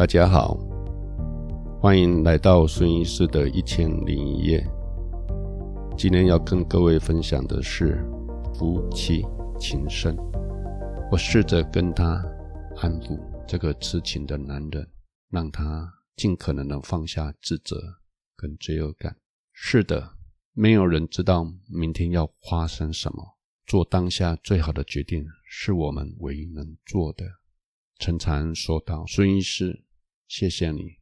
大家好，歡迎來到孫醫師的一千零一夜。今天要跟各位分享的是夫妻情深。我試着跟他安撫這個痴情的男人，讓他盡可能的放下自責跟罪惡感。是的，沒有人知道明天要發生什麼，做當下最好的決定是我們唯一能做的。陳禪說道，孫醫師。謝謝你，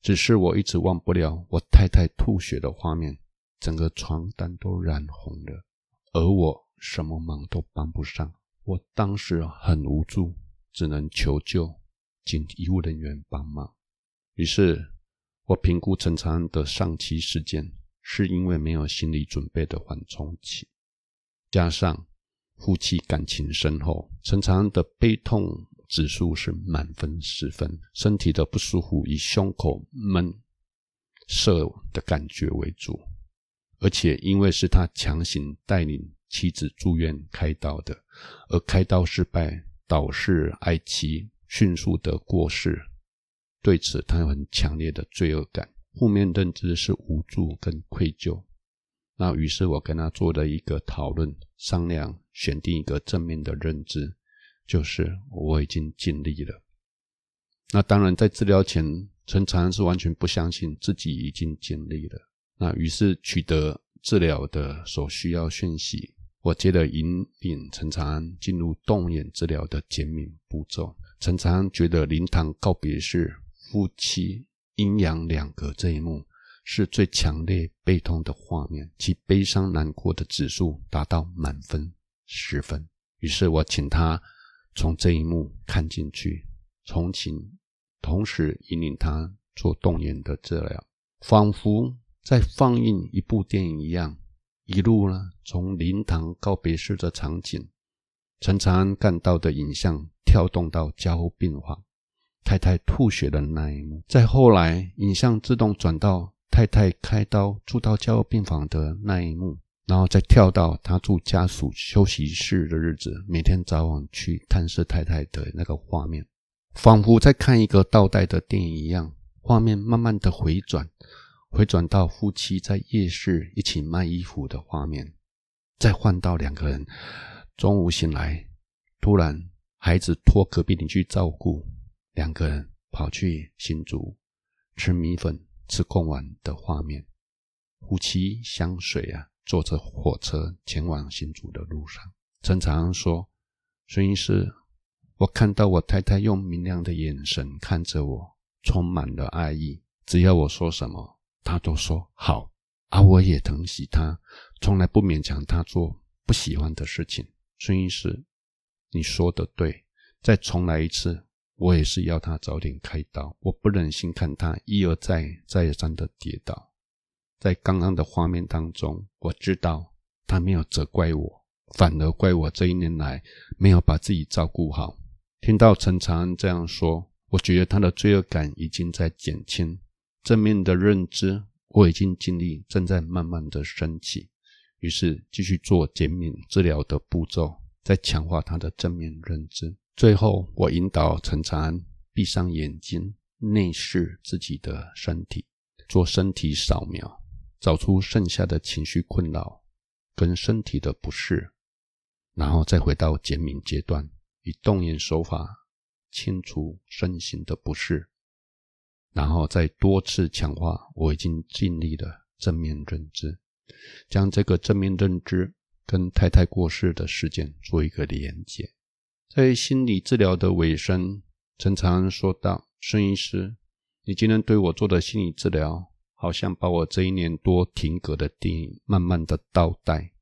只是我一直忘不了我太太吐血的畫面，整個床單都染紅了，而我什麼忙都幫不上，我當時很無助，只能求救，請醫務人員幫忙。於是我評估陳長恩的喪妻事件，是因為沒有心理準備的緩衝期，加上夫妻感情深厚，陳長恩的悲痛。指數是滿分十分，身體的不舒服以胸口悶塞的感覺為主，而且因為是他強行帶領妻子住院開刀的，而開刀失敗導致愛妻迅速的過世，對此他有很強烈的罪惡感。負面認知是無助跟愧疚，那於是我跟他做了一個討論商量，選定一個正面的認知。就是我已經盡力了。那當然，在治療前，陳長安是完全不相信自己已經盡力了。那於是取得治療的所需要訊息，我接着引領陳長安進入動眼治療的減敏步驟。陳長安覺得靈堂告別式夫妻陰陽兩隔這一幕是最強烈悲痛的畫面，其悲傷難過的指數達到滿分十分。於是我請他。從這一幕看進去，重慶同時引領他做動眼的治療，仿佛在放映一部電影一樣。一路呢，從靈堂告別式的場景，陳長安看到的影像跳動到加護病房，太太吐血的那一幕，再後來，影像自動轉到太太開刀住到加護病房的那一幕。然後再跳到他住家屬休息室的日子，每天早晚去探視太太的那個畫面，仿佛在看一個倒帶的電影一樣，畫面慢慢的回轉，回轉到夫妻在夜市一起賣衣服的畫面，再換到兩個人中午醒來，突然孩子托隔壁鄰居去照顧，兩個人跑去新竹吃米粉、吃貢丸的畫面，夫妻相隨啊。坐着火車前往新竹的路上，陳長說：“孫醫師，我看到我太太用明亮的眼神看着我，充滿了愛意。只要我說什麼，他都說好。啊，我也疼惜他，從來不勉強他做不喜歡的事情。孫醫師，你說的對，再重來一次，我也是要他早點開刀。我不忍心看他一而再、再而三的跌倒。”在剛剛的畫面當中，我知道他沒有責怪我，反而怪我這一年來沒有把自己照顧好。聽到陳長安這樣說，我覺得他的罪惡感已經在減輕，正面的認知我已經建立，正在慢慢的升起。於是繼續做減敏治療的步驟，再強化他的正面認知。最後，我引導陳長安閉上眼睛，內視自己的身體，做身體掃描。找出剩下的情緒困擾跟身體的不適，然後再回到減敏階段，以動眼手法清除身形的不適，然後再多次強化我已經盡力的正面認知，將這個正面認知跟太太過世的事件做一個連接。在心理治療的尾聲，陳長說道：“孫醫師，你今天對我做的心理治療。”好像把我這一年多停格的電影，慢慢的倒帶，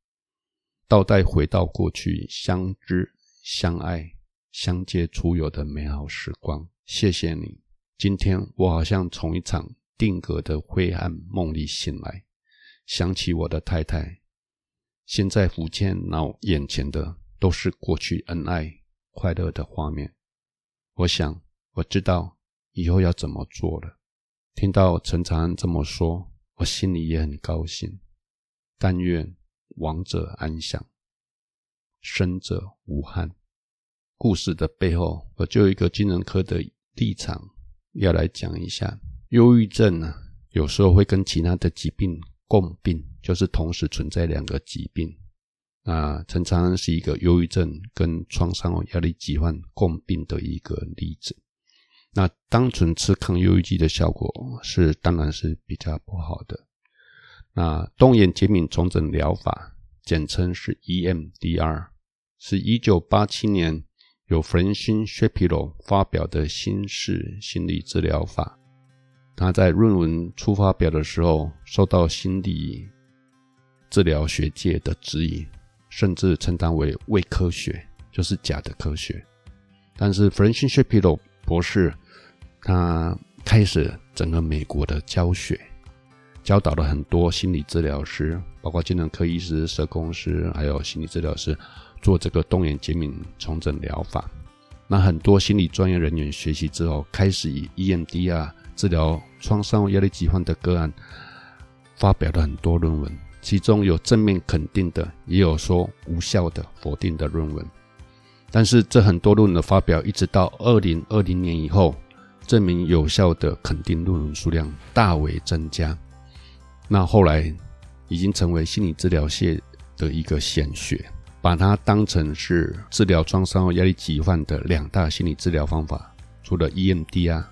倒帶回到過去相知、相愛、相偕出遊的美好時光。謝謝你，今天我好像從一場定格的灰暗夢裡醒來，想起我的太太，現在浮現在眼前的都是過去恩愛、快樂的畫面。我想，我知道以後要怎麼做了。聽到陳長安這麼說，我心裡也很高興。但願亡者安詳，生者無憾。故事的背後，我就有一個精神科的立場要來講一下。憂鬱症啊，有時候會跟其他的疾病共病，就是同時存在兩個疾病。那陳長安是一個憂鬱症跟創傷後壓力疾患共病的一個例子。那單純吃抗憂鬱劑的效果是，當然是比較不好的。那動眼減敏重整療法，簡稱是 EMDR，是一九八七年由 Francine Shapiro 發表的新式心理治療法。他在論文出發表的時候，受到心理治療學界的質疑，甚至稱它為偽科學，就是假的科學。但是 Francine Shapiro 博士，他開始整個美國的教學，教導了很多心理治療師，包括精神科醫師、社工師，還有心理治療師，做這個動眼減敏重整療法。那很多心理專業人員學習之後，開始以 EMDR 治療創傷、壓力疾患的個案，發表了很多論文，其中有正面肯定的，也有說無效的、否定的論文。但是這很多論文的發表，一直到二零二零年以後，證明有效的肯定論文數量大為增加。那後來已經成為心理治療界的一個顯學，把它當成是治療創傷後壓力疾患的兩大心理治療方法。除了 EMDR，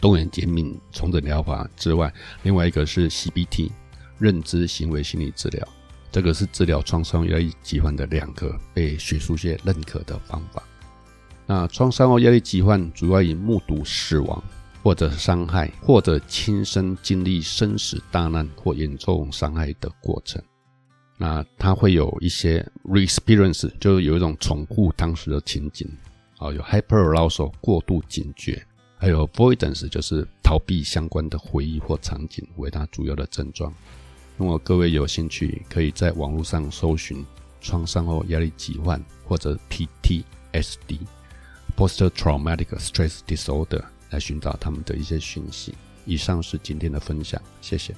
動眼減敏重整療法之外，另外一個是 CBT，認知行為心理治療。這個是治療創傷壓力疾患的兩個被學術界認可的方法。那創傷後壓力疾患主要以目睹死亡或者傷害，或者親身經歷生死大難或嚴重傷害的過程。那它會有一些 re-experience，就是有一種重複當時的情景，啊，有 hyper arousal 過度警覺，還有 avoidance 就是逃避相關的回憶或場景為它主要的症狀。如果各位有興趣，可以在網絡上搜尋“創傷後壓力疾患，或者 t t s d p o s t Traumatic Stress Disorder） 來尋找他們的一些訊息。以上是今天的分享，謝謝。